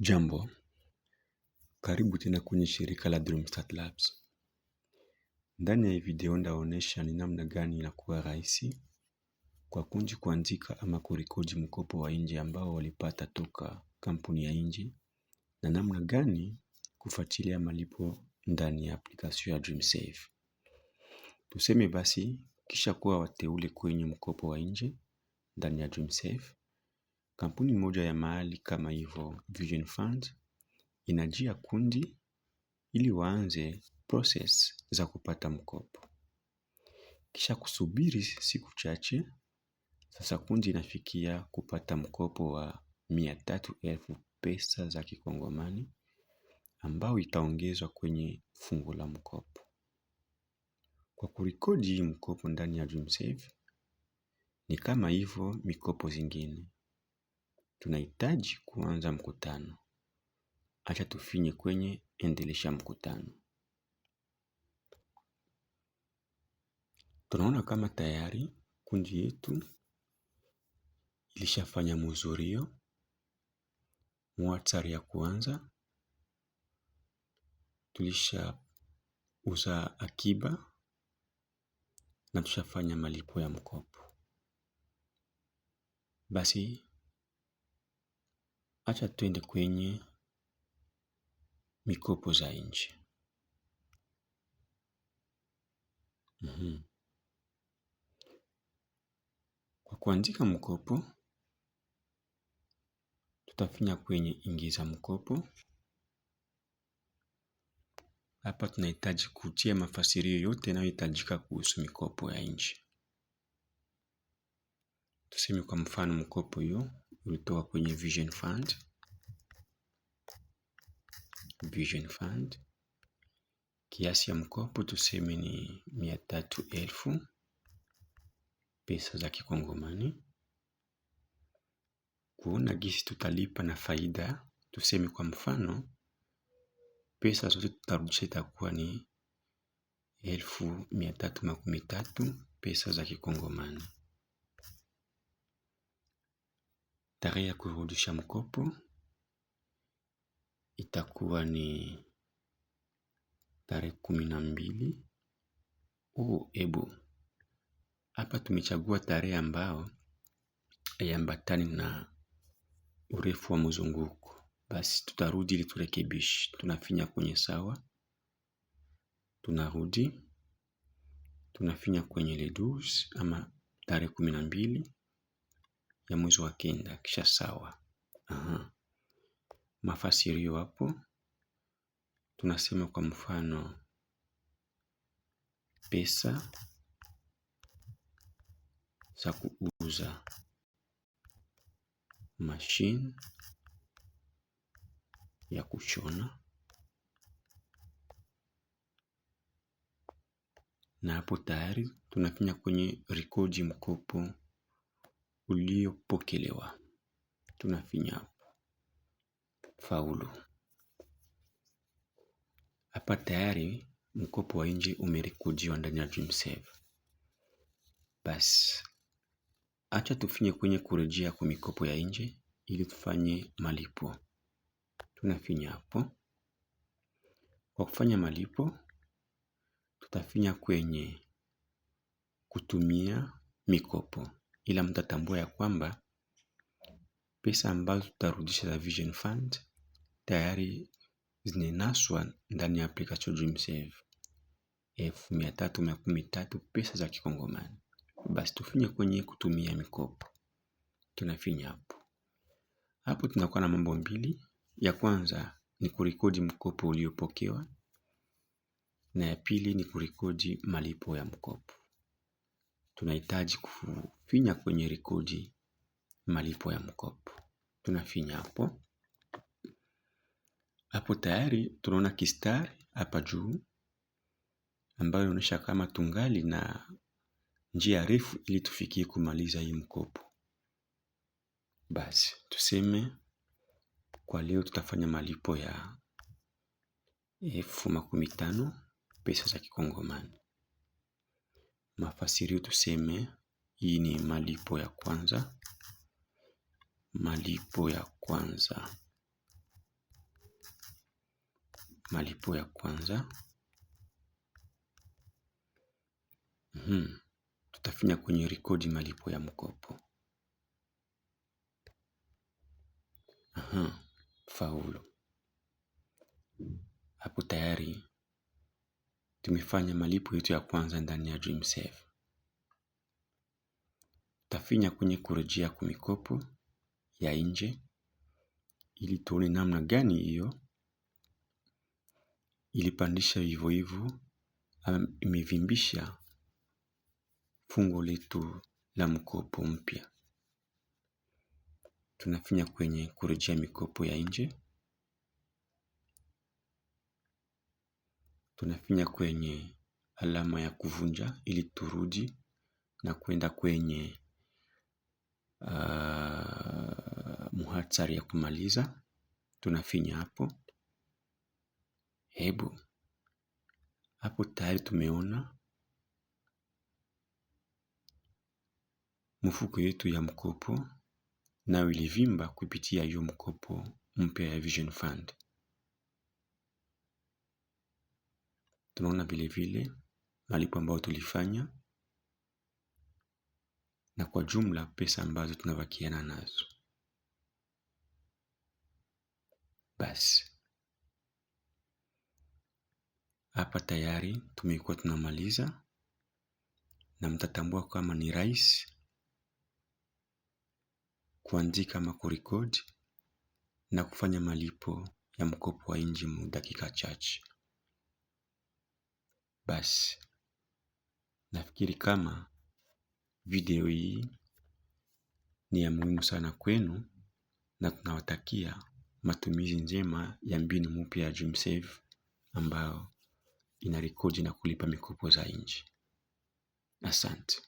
Jambo, karibu tena kwenye shirika la DreamStart Labs. Ndani ya hii video ndaonesha ni namna gani inakuwa rahisi kwa kundi kuandika ama kurekodi mkopo wa nje ambao walipata toka kampuni ya nje na namna gani kufuatilia malipo ndani ya application ya DreamSave. Tuseme basi kisha kuwa wateule kwenye mkopo wa nje ndani ya DreamSave Kampuni moja ya mahali kama hivo Vision Fund inajia kundi ili waanze process za kupata mkopo. Kisha kusubiri siku chache, sasa kundi inafikia kupata mkopo wa mia tatu elfu pesa za kikongomani ambao itaongezwa kwenye fungu la mkopo. Kwa kurikodi hii mkopo ndani ya DreamSave, ni kama hivo mikopo zingine. Tunahitaji kuanza mkutano. Acha tufinye kwenye endelesha mkutano. Tunaona kama tayari kundi yetu ilishafanya muzurio Muhatari ya kuanza. Tulishauza akiba na tushafanya malipo ya mkopo. Basi Acha twende kwenye mikopo za nchi. Mm-hmm. Kwa kuandika mkopo, tutafinya kwenye ingiza mkopo. Hapa tunahitaji kutia mafasirio yote yanayohitajika kuhusu mikopo ya nje. Tuseme kwa mfano mkopo hiyo Ulitoa kwenye Vision Fund. Vision Fund. Kiasi ya mkopo tuseme ni mia tatu elfu pesa za kikongomani. Kuona gisi tutalipa na faida, tuseme kwa mfano pesa zote tutarudisha itakuwa ni elfu mia tatu makumi tatu pesa za kikongomani. Tarehe ya kurudisha mkopo itakuwa ni tarehe kumi na mbili. Oh, ebu hapa tumechagua tarehe ambayo haiambatani na urefu wa mzunguko. Basi tutarudi ili turekebishe. Tunafinya kwenye sawa, tunarudi, tunafinya kwenye 12 ama tarehe kumi na mbili ya mwezi wa kenda kisha sawa. Aha. Mafasirio hapo tunasema kwa mfano pesa za kuuza mashine ya kushona, na hapo tayari tunafinya kwenye rekodi mkopo uliopokelewa. Tunafinya faulu. Hapa tayari mkopo wa nje umerekodiwa ndani ya DreamSave. Basi acha tufinye kwenye kurejea kwa mikopo ya nje ili tufanye malipo. Tunafinya hapo. Kwa kufanya malipo, tutafinya kwenye kutumia mikopo ila mtatambua ya kwamba pesa ambazo tutarudisha za Vision Fund tayari zinenaswa ndani ya application Dream Save elfu mia tatu na kumi tatu pesa za Kikongomani. Basi tufinye kwenye kutumia mikopo, tunafinya hapo hapo. Tunakuwa na mambo mbili, ya kwanza ni kurekodi mkopo uliopokewa na ya pili ni kurekodi malipo ya mkopo tunahitaji kufinya kwenye rekodi malipo ya mkopo. Tunafinya hapo. Hapo tayari tunaona kistari hapa juu ambayo inaonyesha kama tungali na njia refu ili tufikie kumaliza hii mkopo. Basi tuseme kwa leo tutafanya malipo ya elfu makumi tano pesa za kikongomani mafasirio tuseme hii ni malipo ya kwanza. Malipo ya kwanza. Malipo ya kwanza. Hmm. Tutafinya kwenye rekodi malipo ya mkopo. Aha, faulu. Hapo tayari tumefanya malipo yetu ya kwanza ndani ya DreamSave. Tafinya kwenye kurejea kwa mikopo ya nje ili tuone namna gani hiyo ilipandisha hivyo hivyo, imevimbisha fungo letu la mkopo mpya. Tunafinya kwenye kurejea mikopo ya nje. tunafinya kwenye alama ya kuvunja ili turudi na kuenda kwenye ah, muhatsari ya kumaliza. Tunafinya hapo. Hebu, hapo tayari tumeona mfuko yetu ya mkopo nayo ilivimba kupitia hiyo mkopo mpya ya Vision Fund. tunaona vile vile malipo ambayo tulifanya na kwa jumla pesa ambazo tunabakiana nazo. Basi hapa tayari tumekuwa tunamaliza, na mtatambua kama ni rahisi kuandika ama kurekodi na kufanya malipo ya mkopo wa nje mu dakika chache. Basi, nafikiri kama video hii ni ya muhimu sana kwenu na tunawatakia matumizi njema ya mbinu mpya ya DreamSave ambayo inarekodi na kulipa mikopo za nje. Asante.